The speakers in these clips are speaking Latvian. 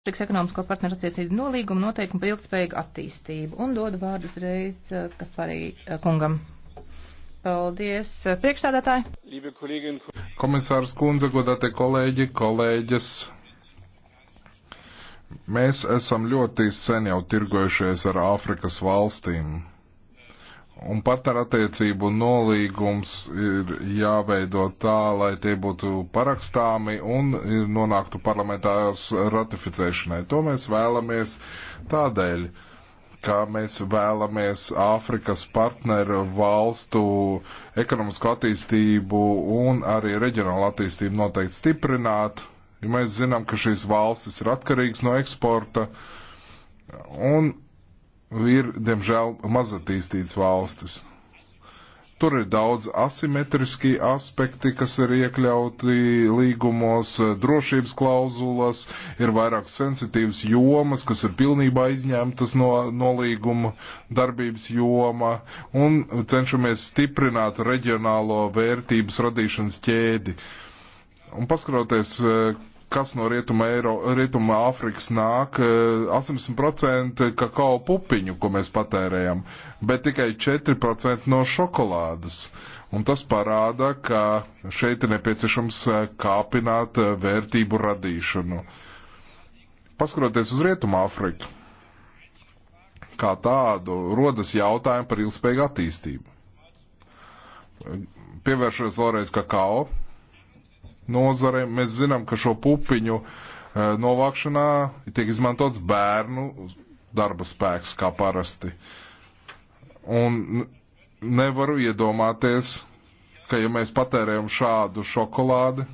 Prieks ekonomisko partneru attiecību nolīgumu noteikumu par ilgspējīgu attīstību. Un dodu vārdu uzreiz, eh, kas pārī eh, kungam. Paldies, eh, priekšstādātāji. Komisārs Kunze, godātie kolēģi, kolēģis. Mēs esam ļoti sen jau tirgojušies ar Āfrikas valstīm. Un partnerattiecību nolīgums ir jāveido tā, lai tie būtu parakstāmi un nonāktu parlamentārās ratificēšanai. To mēs vēlamies tādēļ, ka mēs vēlamies Āfrikas partneru valstu ekonomisko attīstību un arī reģionālu attīstību noteikti stiprināt, jo ja mēs zinām, ka šīs valstis ir atkarīgas no eksporta. Un ir, diemžēl, mazatīstītas valstis. Tur ir daudz asimetriski aspekti, kas ir iekļauti līgumos, drošības klauzulas, ir vairāk sensitīvas jomas, kas ir pilnībā izņemtas no, no līguma darbības joma, un cenšamies stiprināt reģionālo vērtības radīšanas ķēdi. Un paskaroties, kas no rietuma, Eiro, rietuma Afrikas nāk, 80% eh, kakao pupiņu, ko mēs patērējam, bet tikai 4% no šokolādes. Un tas parāda, ka šeit ir nepieciešams eh, kāpināt eh, vērtību radīšanu. Paskatoties uz rietumu Afriku, kā tādu, rodas jautājumi par ilgspējīgu attīstību. Pievēršos vēlreiz kakao nozare. Mēs zinām, ka šo pupiņu eh, novākšanā tiek izmantots bērnu darba spēks kā parasti. Un nevaru iedomāties, ka ja mēs patērējam šādu šokolādi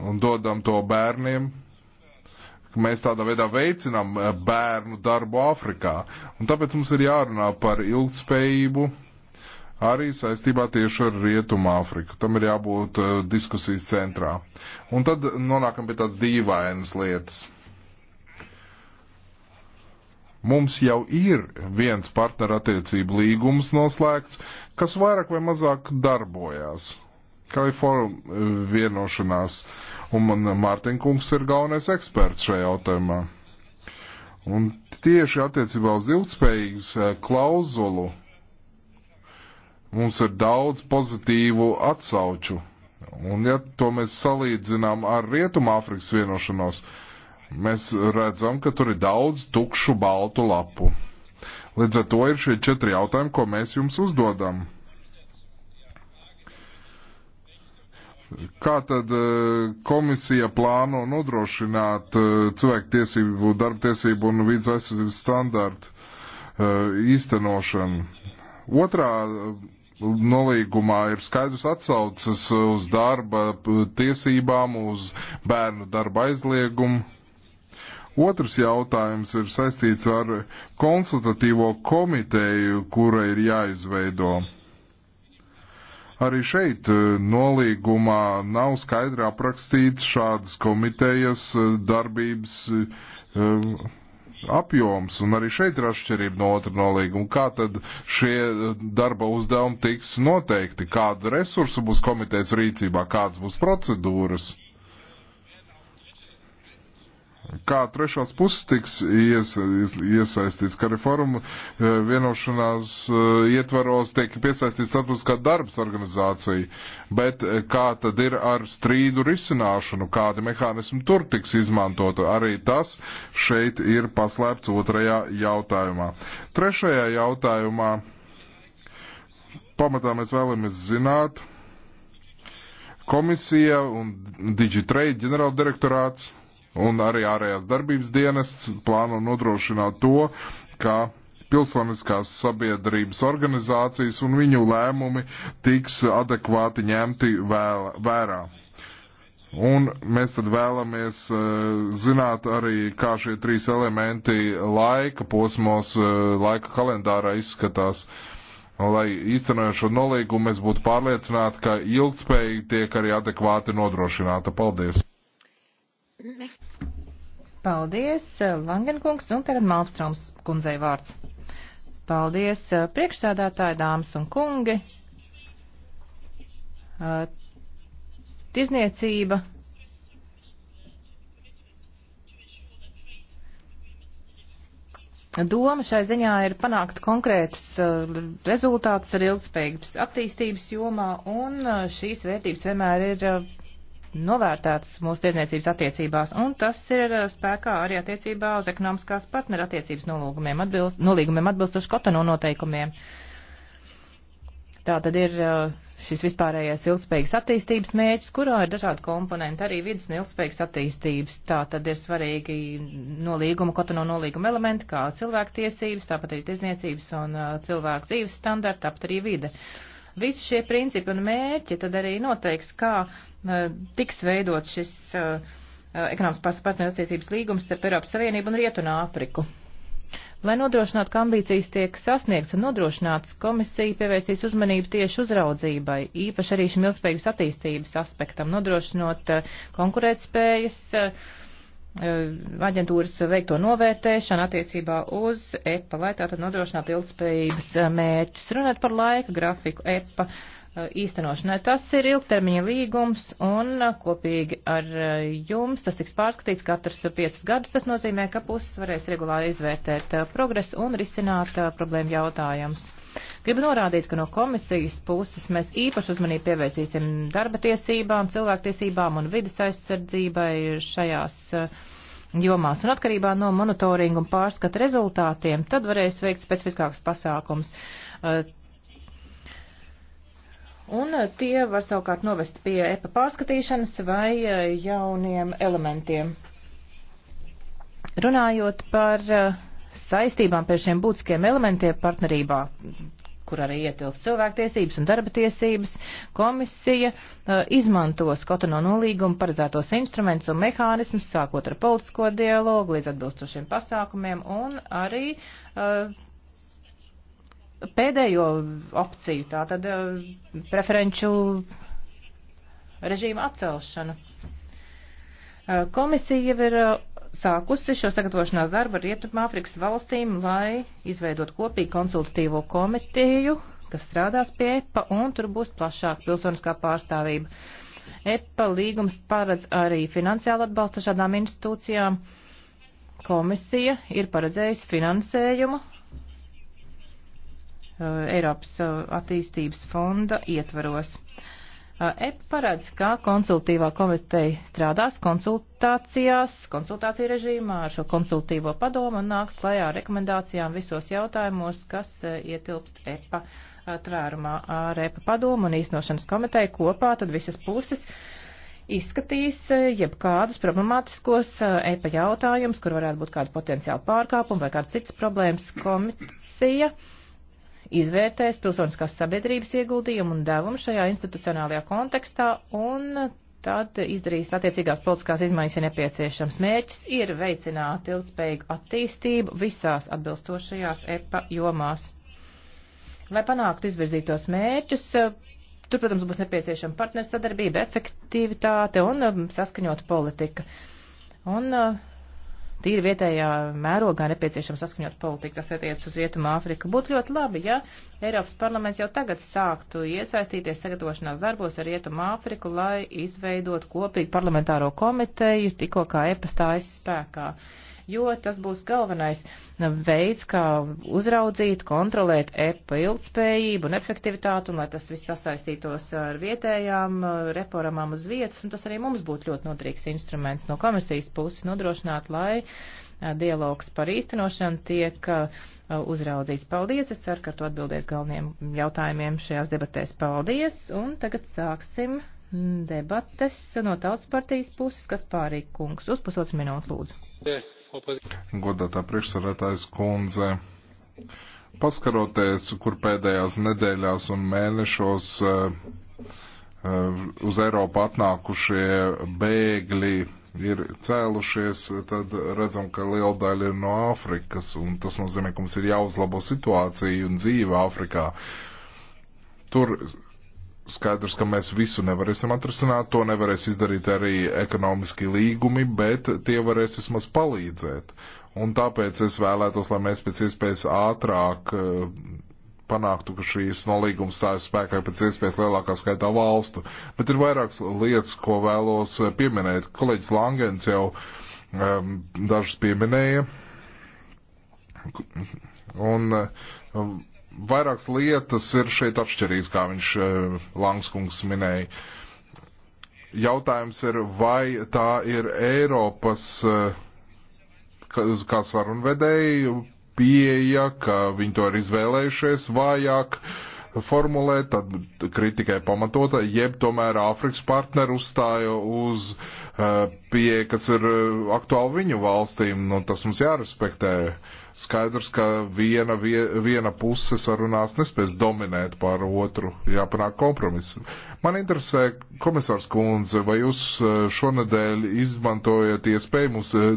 un dodam to bērniem, mēs tādā veidā veicinām eh, bērnu darbu Āfrikā. Un tāpēc mums ir jārunā par ilgtspējību arī saistībā tieši ar Rietumu Āfriku. Tam ir jābūt uh, diskusijas centrā. Un tad nonākam pie tādas dīvainas lietas. Mums jau ir viens partnerattiecību līgums noslēgts, kas vairāk vai mazāk darbojās. Kalifornija eh, vienošanās, un man Mārtiņkungs ir galvenais eksperts šajā jautājumā. Un tieši attiecībā uz ilgspējīgas eh, klauzulu Mums ir daudz pozitīvu atsauču. Un ja to mēs salīdzinām ar Rietumāfrikas vienošanos, mēs redzam, ka tur ir daudz tukšu baltu lapu. Līdz ar to ir šie četri jautājumi, ko mēs jums uzdodam. Kā tad e, komisija plāno nodrošināt e, cilvēku tiesību, darba tiesību un vīdz aizsardzības standartu e, īstenošanu? Otrā nolīgumā ir skaidrs atsaucas uz darba tiesībām, uz bērnu darba aizliegumu. Otrs jautājums ir saistīts ar konsultatīvo komiteju, kura ir jāizveido. Arī šeit e, nolīgumā nav skaidri aprakstīts šādas komitejas e, darbības um, apjoms, un arī šeit ir atšķirība no otra nolīguma. Kā tad šie eh, darba uzdevumi tiks noteikti? Kādu resursu būs komitejas rīcībā, kādas būs procedūras? kā trešās puses tiks iesa, iesaistīts, ka reforma e, vienošanās e, ietvaros tiek piesaistīts starptautiskā darbs organizācija, bet e, kā tad ir ar strīdu risināšanu, kādi mehānismi tur tiks izmantot, arī tas šeit ir paslēpts otrajā jautājumā. Trešajā jautājumā pamatā mēs vēlamies zināt, komisija un Digitrade ģenerāldirektorāts Un arī ārējās darbības dienests plāno nodrošināt to, ka pilsoniskās sabiedrības organizācijas un viņu lēmumi tiks adekvāti ņemti vēl, vērā. Un mēs tad vēlamies uh, zināt arī, kā šie trīs elementi laika posmos, uh, laika kalendārā izskatās, lai īstenojot šo nolīgumu mēs būtu pārliecināti, ka ilgspējīgi tiek arī adekvāti nodrošināta. Paldies! Merci. Paldies, eh, Langenkungs, un tagad Malmstroms kundzei vārds. Paldies, eh, priekšsēdētāji, dāmas un kungi. Eh, Tizniecība Doma šai ziņā ir panākt konkrētus rezultātus ar ilgspējības attīstības jomā, un šīs vērtības vienmēr ir novērtētas mūsu tirdzniecības attiecībās, un tas ir eh, spēkā arī attiecībā uz ekonomiskās partneru attiecības nolīgumiem, atbilst, nolīgumiem atbilstoši Kotonu noteikumiem. Tā tad ir eh, šis vispārējais ilgspējīgas attīstības mēģis, kurā ir dažādi komponenti, arī vidus un ilgspējīgas attīstības. Tā tad ir svarīgi nolīguma, Kotonu nolīguma elementi, kā cilvēku tiesības, tāpat arī tirdzniecības un eh, cilvēku dzīves standarti, tāpat arī vide. Uh, Visi šie principi un mērķi tad arī noteiks, kā eh, tiks veidot šis eh, eh, ekonomiskās partnerattiecības līgums starp Eiropas Savienību un Rietunu Āfriku. Lai nodrošinātu, ka ambīcijas tiek sasniegts un nodrošināts, komisija pievērsīs uzmanību tieši uzraudzībai, īpaši arī šim ilgspējības attīstības aspektam, nodrošinot konkurētspējas uh, Eh, aģentūras veikto novērtēšanu attiecībā uz EPA, lai tātad nodrošinātu ilgspējības eh, mērķus. Runāt par laika grafiku EPA eh, īstenošanai. Tas ir ilgtermiņa līgums un kopīgi ar jums tas tiks pārskatīts katrs piecus gadus. Tas nozīmē, ka puses varēs regulāri izvērtēt progresu un risināt problēmu jautājumus. Gribu norādīt, ka no komisijas puses mēs īpašu uzmanību pievērsīsim darba tiesībām, cilvēktiesībām un vidas aizsardzībai šajās eh, jomās. Un atkarībā no monitoringa un pārskata rezultātiem, tad varēs veikt specifiskākus pasākums. Eh, un eh, tie var savukārt novest pie EPA pārskatīšanas vai jauniem elementiem. Runājot par saistībām pie šiem būtiskiem elementiem partnerībā, kur arī ietilpst cilvēktiesības un darba tiesības, komisija uh, izmantos Kotono nolīgumu paredzētos instrumentus un mehānismus, sākot ar politisko dialogu līdz atbilstošiem pasākumiem un arī uh, pēdējo opciju, tātad uh, preferenču režīmu atcelšanu. Komisija jau ir sākusi šo sagatavošanās darbu ar Rietumāfrikas valstīm, lai izveidot kopīgu konsultatīvo komiteju, kas strādās pie EPA, un tur būs plašāka pilsoniskā pārstāvība. EPA līgums paredz arī finansiālu atbalstu šādām institūcijām. Komisija ir paredzējusi finansējumu uh, Eiropas uh, attīstības fonda ietvaros. Uh, EP paredz, ka konsultīvā komiteja strādās konsultācijās, konsultāciju režīmā ar šo konsultīvo padomu un nāks klajā rekomendācijām visos jautājumos, kas ietilpst EPA tvērumā ar EPA padomu un īstenošanas komiteju kopā, tad visas puses izskatīs jebkādus problemātiskos EPA jautājumus, kur varētu būt kāda potenciāla pārkāpuma vai kādas citas problēmas komisija izvērtēs pilsoniskās sabiedrības ieguldījumu un devumu šajā institucionālajā kontekstā un tad izdarīs attiecīgās politiskās izmaiņas, ja nepieciešams. Mērķis ir veicināt ilgspējīgu attīstību visās atbilstošajās EPA jomās. Lai panāktu izvirzītos mērķus, tur, protams, būs nepieciešama partnersadarbība, efektivitāte un um, saskaņota politika. Un uh, tīri vietējā mērogā nepieciešams saskaņot politiku, tas attiec uz Rietumu Āfriku. Būtu ļoti labi, ja Eiropas parlaments jau tagad sāktu iesaistīties sagatavošanās darbos ar Rietumu Āfriku, lai izveidot kopīgu parlamentāro komiteju, tikko kā EPA stājas spēkā. Uh, jo tas būs galvenais veids, kā uzraudzīt, kontrolēt EPA ilgspējību un efektivitātu, un lai tas viss sasaistītos ar vietējām eh, reformām uz vietas, un tas arī mums būtu ļoti noderīgs instruments no komisijas puses nodrošināt, lai eh, dialogs par īstenošanu tiek eh, uzraudzīts. Paldies! Es ceru, ka to atbildēs galveniem jautājumiem šajās debatēs. Paldies! Un tagad sāksim debates no tautas partijas puses, kas pārīk kungs. Uz pusotru minūtu lūdzu. Yeah. Godātā priekšsarētājs kundze, paskaroties, kur pēdējās nedēļās un mēnešos eh, eh, uz Eiropu atnākušie bēgļi ir cēlušies, tad redzam, ka liela daļa ir no Āfrikas, un tas nozīmē, ka mums ir jāuzlabo situācija un dzīve Āfrikā. Tur Skaidrs, ka mēs visu nevarēsim atrisināt, to nevarēs izdarīt arī ekonomiski līgumi, bet tie varēs vismaz palīdzēt. Un tāpēc es vēlētos, lai mēs pēc iespējas ātrāk eh, panāktu, ka šīs nolīgums stājas spēkā pēc iespējas lielākā skaitā valstu. Bet ir vairākas lietas, ko vēlos eh, pieminēt. Kolēģis Langens jau um, dažas pieminēja. Un um, vairākas lietas ir šeit atšķirīgas, kā viņš eh, Langskungs minēja. Jautājums ir, vai tā ir Eiropas eh, kā sarunvedēju pieeja, ka viņi to ir izvēlējušies vājāk formulēt, tad kritikai pamatota, jeb tomēr Āfrikas partneri uzstāja uz eh, pieeja, kas ir aktuāli viņu valstīm, nu tas mums jārespektē. Uh, Skaidrs, ka viena, vie, viena puse sarunās nespēs dominēt pār otru, jāpanāk kompromisu. Man interesē, komisārs Kunze, vai jūs eh, šonadēļ izmantojat iespēju, mums eh,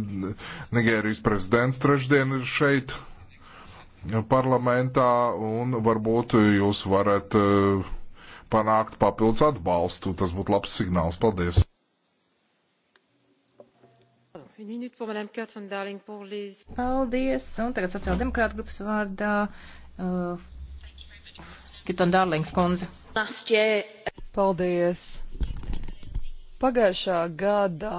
Nigērijas prezidents trešdien ir šeit eh, parlamentā, un varbūt jūs varat panākt papildus atbalstu. Tas būtu labs signāls. Paldies! Paldies. Un tagad sociāldemokrāta grupas vārdā uh, Kitona Dārlings kundze. Paldies. Pagājušā gada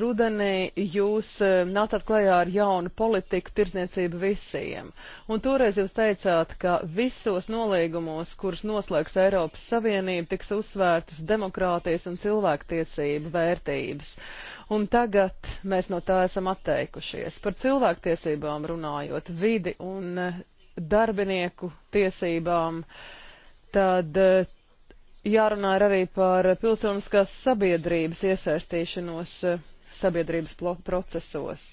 rudenī jūs uh, nācāt klajā ar jaunu politiku tirdzniecību visiem, un toreiz jūs teicāt, ka visos nolīgumos, kurus noslēgs Eiropas Savienība, tiks uzsvērtas demokrātijas un cilvēktiesību vērtības un tagad mēs no tā esam atteikušies. Par cilvēktiesībām runājot, vidi un eh, darbinieku tiesībām, tad eh, jārunā arī par pilsoniskās sabiedrības iesaistīšanos eh, sabiedrības procesos.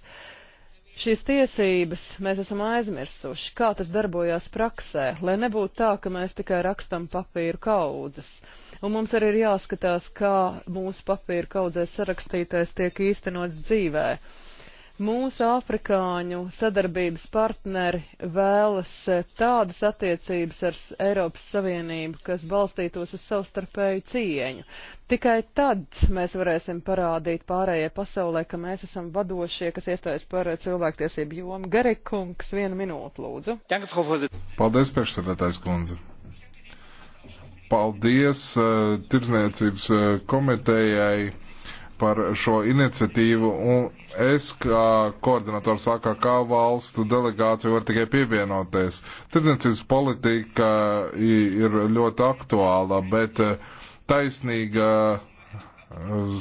Šīs tiesības mēs esam aizmirsuši, kā tas darbojās praksē, lai nebūtu tā, ka mēs tikai rakstam papīru kaudzes. Ka Un mums arī ir jāskatās, kā mūsu papīra kaudzēs sarakstītais tiek īstenots dzīvē. Mūsu afrikāņu sadarbības partneri vēlas eh, tādas attiecības ar Eiropas Savienību, kas balstītos uz savstarpēju cieņu. Tikai tad mēs varēsim parādīt pārējai pasaulē, ka mēs esam vadošie, kas iestājas par eh, cilvēktiesību jomu. Garikungs, vienu minūtu lūdzu. Paldies, priekšsēdētājs kundze. Paldies eh, Tirzniecības eh, komitejai par šo iniciatīvu, un es kā koordinators AKK valstu delegāciju varu tikai pievienoties. Tirdzniecības politika ir ļoti aktuāla, bet eh, taisnīga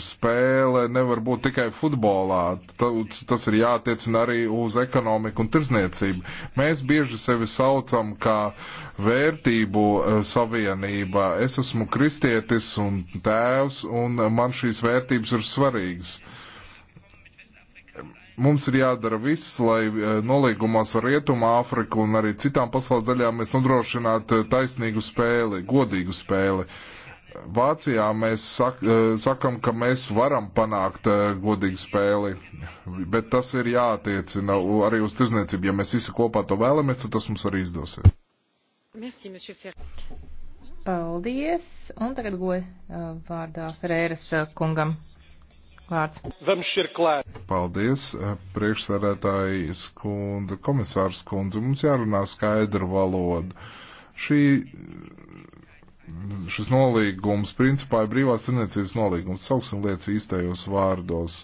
spēle nevar būt tikai futbolā. Tas ir jātiecina arī uz ekonomiku un tirzniecību. Mēs bieži sevi saucam kā vērtību eh, savienība. Es esmu kristietis un tēvs, un man šīs vērtības ir svarīgas. Mums ir jādara viss, lai eh, nolīgumos ar Rietumu Āfriku un arī citām pasaules daļām mēs nodrošinātu taisnīgu spēli, godīgu spēli. Uh, Vācijā mēs sak, eh, sakam, ka mēs varam panākt eh, godīgu spēli, bet tas ir jātiecina arī uz tirzniecību. Ja mēs visi kopā to vēlamies, tad tas mums arī izdosies. Merci, Paldies. Un tagad goja eh, vārdā Ferēras kungam. Vārds. Paldies, priekšsarētāji skundze, komisārs skundze. Mums jārunā skaidru valodu. Šī Mm, šis nolīgums principā ir brīvās tirniecības nolīgums. Sauksim lietas īstajos vārdos.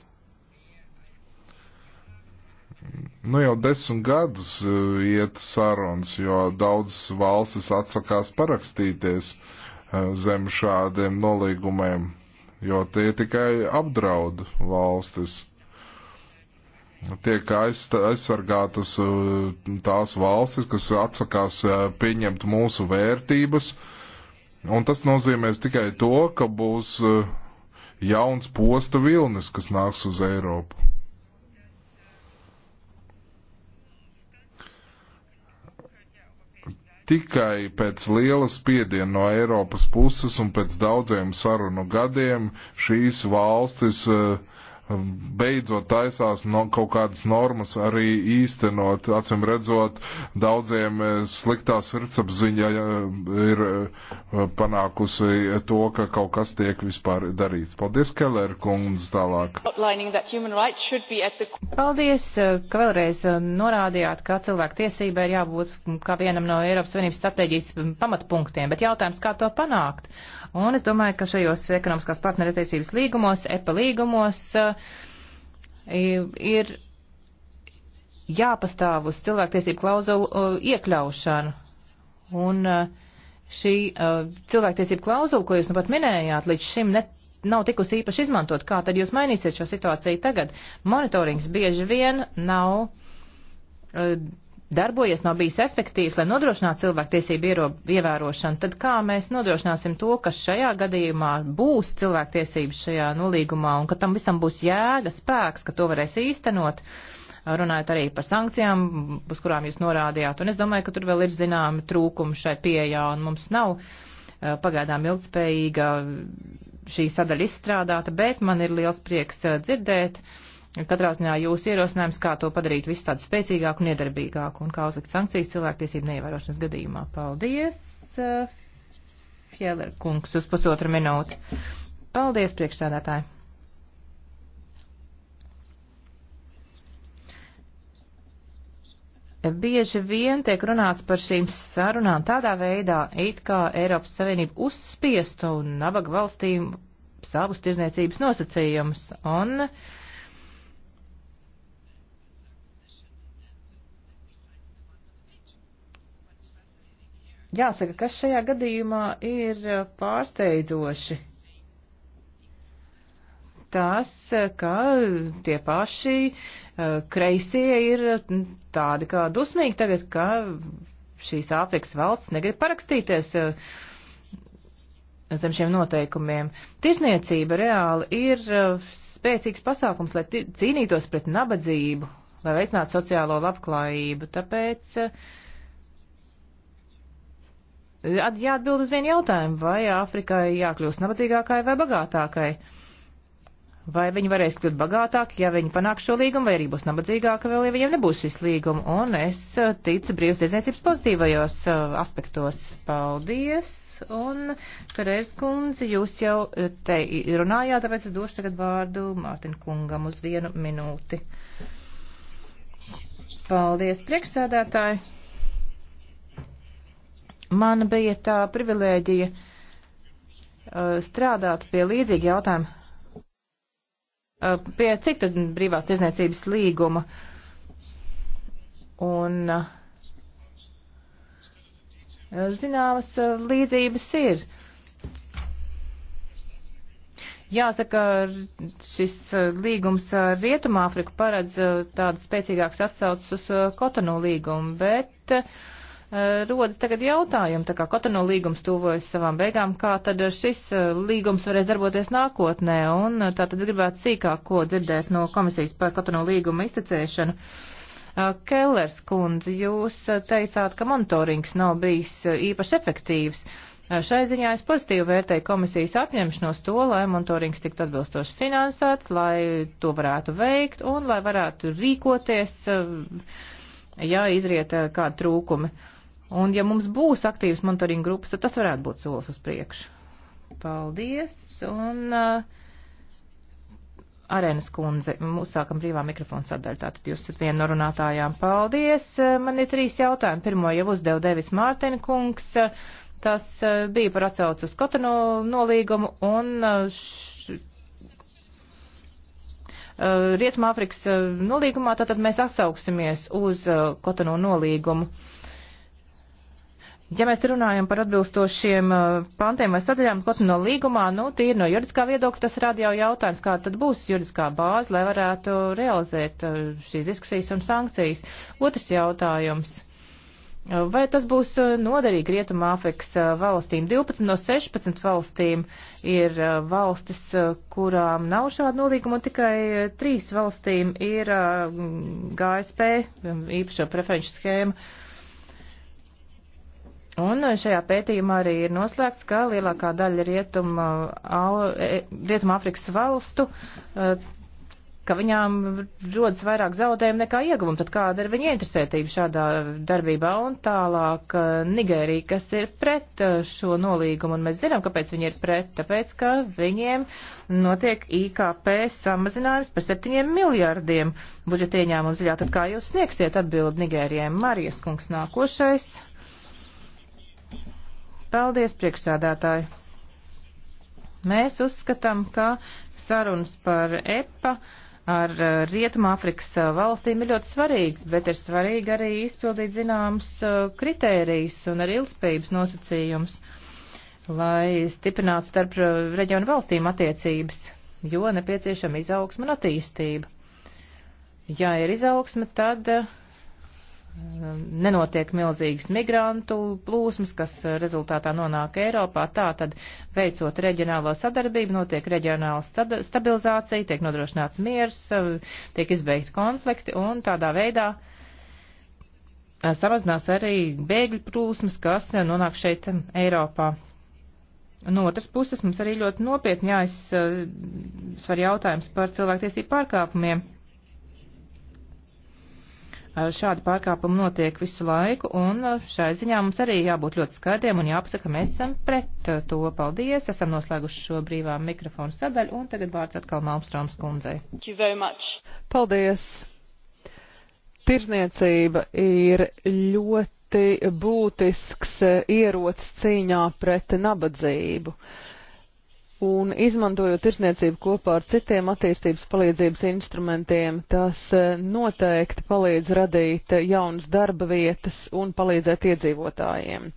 Nu jau desmit gadus eh, iet sarunas, jo daudzas valstis atsakās parakstīties eh, zem šādiem nolīgumiem, jo tie tikai apdraud valstis. Tiek aizsargātas eh, tās valstis, kas atsakās pieņemt mūsu vērtības, uh, Un tas nozīmēs tikai to, ka būs eh, jauns posta vilnis, kas nāks uz Eiropu. Tikai pēc liela spiediena no Eiropas puses un pēc daudziem sarunu gadiem šīs valstis uh, beidzot taisās no, kaut kādas normas arī īstenot. Acim redzot, daudziem e, sliktā sirdsapziņa e, ir e, panākusi to, ka kaut kas tiek vispār darīts. Paldies, Keller kundze, tālāk. Paldies, ka vēlreiz norādījāt, ka cilvēku tiesība ir jābūt kā vienam no Eiropas Savienības stratēģijas pamatpunktiem, bet jautājums, kā to panākt? Un es domāju, ka šajos ekonomiskās partnerattiecības līgumos, EPA līgumos, uh, ir jāpastāv uz cilvēktiesību klauzulu iekļaušanu. Un šī cilvēktiesību klauzula, ko jūs nu pat minējāt, līdz šim net nav tikusi īpaši izmantot. Kā tad jūs mainīsiet šo situāciju tagad? Monitorings bieži vien nav darbojies, nav bijis efektīvs, lai nodrošinātu cilvēktiesību ievērošanu, tad kā mēs nodrošināsim to, ka šajā gadījumā būs cilvēktiesības šajā nolīgumā un ka tam visam būs jēga, spēks, ka to varēs īstenot, runājot arī par sankcijām, uz kurām jūs norādījāt. Un es domāju, ka tur vēl ir zināmi trūkumi šai pieejā un mums nav eh, pagaidām ilgspējīga šī sadaļa izstrādāta, bet man ir liels prieks eh, dzirdēt. Uh, Katrā ziņā jūsu ierosinājums, kā to padarīt visu tādu spēcīgāku un iedarbīgāku un kā uzlikt sankcijas cilvēktiesību neievērošanas gadījumā. Paldies, eh, Fjeller kungs, uz pusotru minūti. Paldies, priekšsēdētāji. Bieži vien tiek runāts par šīm sarunām tādā veidā, it kā Eiropas Savienība uzspiestu nabaga valstīm savus tirzniecības nosacījumus, un Jāsaka, kas šajā gadījumā ir e, pārsteidzoši. Tas, e, ka tie paši e, kreisie ir tādi kā dusmīgi tagad, ka šīs Āfrikas valsts negrib parakstīties zem šiem noteikumiem. Tirzniecība reāli ir spēcīgs pasākums, lai cīnītos pret nabadzību, lai veicinātu sociālo labklājību. Tāpēc uh, Jāatbild uz vienu jautājumu, vai Āfrikai jākļūst nabadzīgākai vai bagātākai? Vai viņi varēs kļūt bagātāki, ja viņi panāks šo līgumu, vai arī būs nabadzīgāka vēl, ja viņiem nebūs šis līgums? Un es uh, ticu brīvas tirdzniecības pozitīvajos uh, aspektos. Paldies! Un, Perērs kundze, jūs jau uh, te runājāt, tāpēc es došu tagad vārdu Mārtiņ kungam uz vienu minūti. Paldies, priekšsēdētāji! Man bija tā privilēģija uh, strādāt pie līdzīga jautājuma. Uh, pie cik tad brīvās tirzniecības līguma? Un uh, zināmas līdzības ir. Jāsaka, šis līgums ar Rietumāfriku paredz tādas spēcīgākas atsaucas uz Kotonu līgumu, bet uh, Eh, rodas tagad jautājumi, tā kā Kotono līgums tuvojas savām beigām, kā tad šis eh, līgums varēs darboties nākotnē, un eh, tā tad gribētu sīkāk ko dzirdēt no komisijas par Kotono līguma iztecēšanu. Kellers kundze, jūs teicāt, ka monitorings nav bijis īpaši efektīvs. Šai ziņā es pozitīvi vērtēju komisijas apņemšanos to, lai monitorings tiktu atbilstoši finansēts, lai to varētu veikt un lai varētu rīkoties, ja izriet kādi trūkumi. Uh, Un ja mums būs aktīvas monitoringa grupas, tad tas varētu būt solis uz priekšu. Paldies. Un uh, Arēnas kundze, uzsākam brīvā mikrofona sadaļu, tātad jūs esat viena no runātājām. Paldies! Uh, man ir trīs jautājumi. Pirmo jau uzdeva Devis Mārten kungs. Tas uh, bija par atsaucu uz Kotonu nolīgumu un uh, š... Rietumāfrikas nolīgumā, tātad mēs atsauksimies uz Kotonu nolīgumu. Ja mēs runājam par atbilstošiem uh, pantiem vai sadaļām Kotino līgumā, nu, tīri no juridiskā viedokļa tas rada jau jautājums, kā tad būs juridiskā bāze, lai varētu realizēt uh, šīs diskusijas un sankcijas. Otrs jautājums. Uh, vai tas būs noderīgi Rietumā Afrikas valstīm? 12 no 16 valstīm ir valstis, kurām nav šāda nolīguma, un tikai 3 valstīm ir GSP, um, īpašo preferenču schēma. Un šajā pētījumā arī ir noslēgts, ka lielākā daļa rietuma, e, rietuma Afrikas valstu, e, ka viņām rodas vairāk zaudējumu nekā ieguvumu. Tad kāda ir viņa interesētība šādā darbībā? Un tālāk e, Nigērija, kas ir pret šo nolīgumu, un mēs zinām, kāpēc viņi ir pret, tāpēc, ka viņiem notiek IKP samazinājums par septiņiem miljārdiem budžeta ieņēmumu ziļā. Tad kā jūs sniegsiet atbildi Nigērijai? Marijas kungs nākošais. Paldies, priekšsādātāji! Mēs uzskatām, ka sarunas par EPA ar uh, Rietumāfrikas uh, valstīm ir ļoti svarīgs, bet ir svarīgi arī izpildīt zināmus uh, kritērijus un arī ilgspējības nosacījumus, lai stiprinātu starp reģionu valstīm attiecības, jo nepieciešama izaugsma un attīstība. Ja ir izaugsma, tad uh, nenotiek milzīgas migrantu plūsmas, kas rezultātā nonāk Eiropā. Tātad, veicot reģionālo sadarbību, notiek reģionāla stabilizācija, tiek nodrošināts miers, tiek izbeigti konflikti un tādā veidā eh, samazinās arī bēgļu plūsmas, kas nonāk šeit eh, Eiropā. No otras puses, mums arī ļoti nopietni jāizsver jautājums par cilvēktiesību pārkāpumiem Šādi pārkāpumi notiek visu laiku, un šai ziņā mums arī jābūt ļoti skaidriem un jāpasaka, ka mēs esam pret to. Paldies! Esam noslēguši šo brīvā mikrofonu sadaļu, un tagad vārds atkal Malmstroms kundzei. Paldies! Tirzniecība ir ļoti būtisks ierots cīņā pret nabadzību. Uh, un izmantojot tirsniecību kopā ar citiem attīstības palīdzības instrumentiem, tas eh, noteikti palīdz radīt eh, jaunas darba vietas un palīdzēt iedzīvotājiem.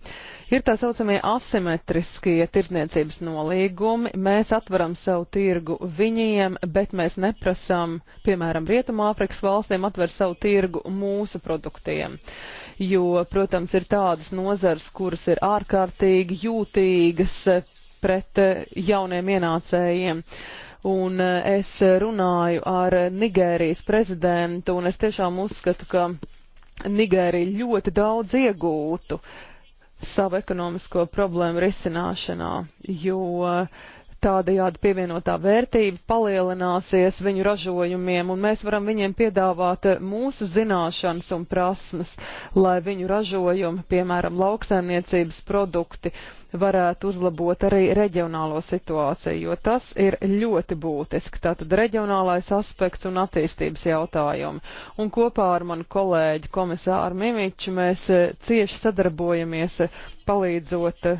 Ir tā saucamie asimetriskie tirsniecības nolīgumi. Mēs atveram savu tirgu viņiem, bet mēs neprasam, piemēram, Rietumāfrikas valstīm atver savu tirgu mūsu produktiem. Jo, protams, ir tādas nozars, kuras ir ārkārtīgi jūtīgas pret eh, jauniem ienācējiem. Un eh, es runāju ar Nigērijas prezidentu, un es tiešām uzskatu, ka Nigērija ļoti daudz iegūtu savu ekonomisko problēmu risināšanā, jo uh, Tādējādi pievienotā vērtība palielināsies viņu ražojumiem, un mēs varam viņiem piedāvāt eh, mūsu zināšanas un prasmes, lai viņu ražojumi, piemēram, lauksaimniecības produkti, varētu uzlabot arī reģionālo situāciju, jo tas ir ļoti būtiski. Tātad reģionālais aspekts un attīstības jautājumi. Un kopā ar manu kolēģi komisāru Mimiču mēs eh, cieši sadarbojamies eh, palīdzot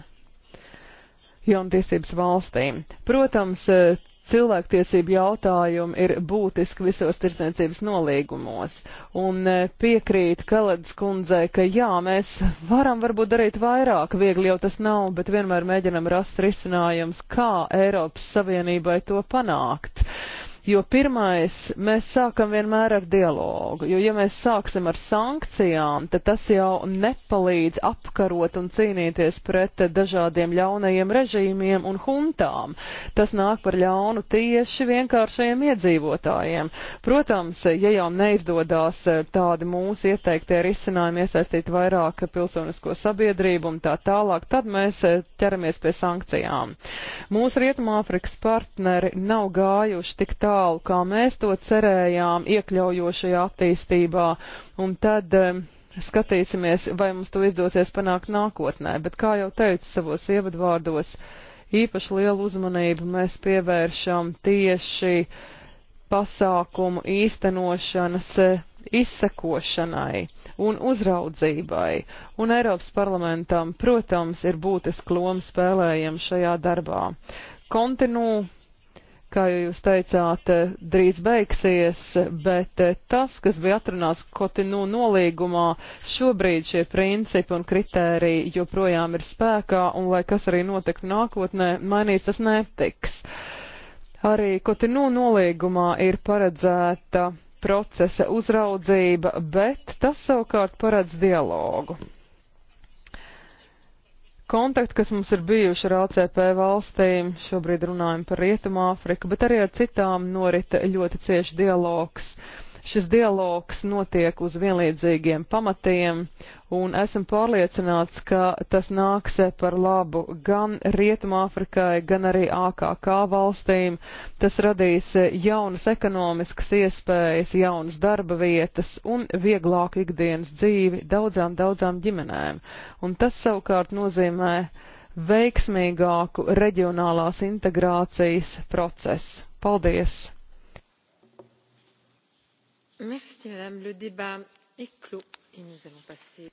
jauntiesības valstīm. Protams, eh, cilvēktiesību jautājumi ir būtiski visos tirdzniecības nolīgumos. Un eh, piekrīt Kaleds kundzei, ka jā, mēs varam varbūt darīt vairāk, viegli jau tas nav, bet vienmēr mēģinam rast risinājums, kā Eiropas Savienībai to panākt. Uh, Jo pirmais, mēs sākam vienmēr ar dialogu, jo ja mēs sāksim ar sankcijām, tad tas jau nepalīdz apkarot un cīnīties pret dažādiem ļaunajiem režīmiem un huntām. Tas nāk par ļaunu tieši vienkāršajiem iedzīvotājiem. Protams, ja jau neizdodās tādi mūsu ieteiktie risinājumi iesaistīt vairāk pilsonisko sabiedrību un tā tālāk, tad mēs ķeramies pie sankcijām. Mūsu Rietumāfrikas partneri nav gājuši tik tālu tālu, kā mēs to cerējām, iekļaujošajā attīstībā, un tad skatīsimies, vai mums to izdosies panākt nākotnē. Bet, kā jau teicu savos ievadvārdos, īpaši lielu uzmanību mēs pievēršam tieši pasākumu īstenošanas e, izsekošanai un uzraudzībai, un Eiropas parlamentam, protams, ir būtiski loma spēlējama šajā darbā. Kontinu kā jau jūs teicāt, eh, drīz beigsies, bet eh, tas, kas bija atrunāts Kotinu nolīgumā, šobrīd šie principi un kritēriji joprojām ir spēkā, un lai kas arī notiktu nākotnē, mainīs tas netiks. Arī Kotinu nolīgumā ir paredzēta procesa uzraudzība, bet tas savukārt paredz dialogu kontakti, kas mums ir bijuši ar ACP valstīm, šobrīd runājam par Rietumu Āfriku, bet arī ar citām norita ļoti cieši dialogs. Uh, Šis dialogs notiek uz vienlīdzīgiem pamatiem, un esam pārliecināts, ka tas nāks par labu gan Rietumāfrikai, gan arī AKK valstīm. Tas radīs jaunas ekonomiskas iespējas, jaunas darba vietas un vieglāku ikdienas dzīvi daudzām, daudzām ģimenēm. Un tas savukārt nozīmē veiksmīgāku reģionālās integrācijas procesu. Paldies! Merci, madame. Le débat est clos et nous allons passer.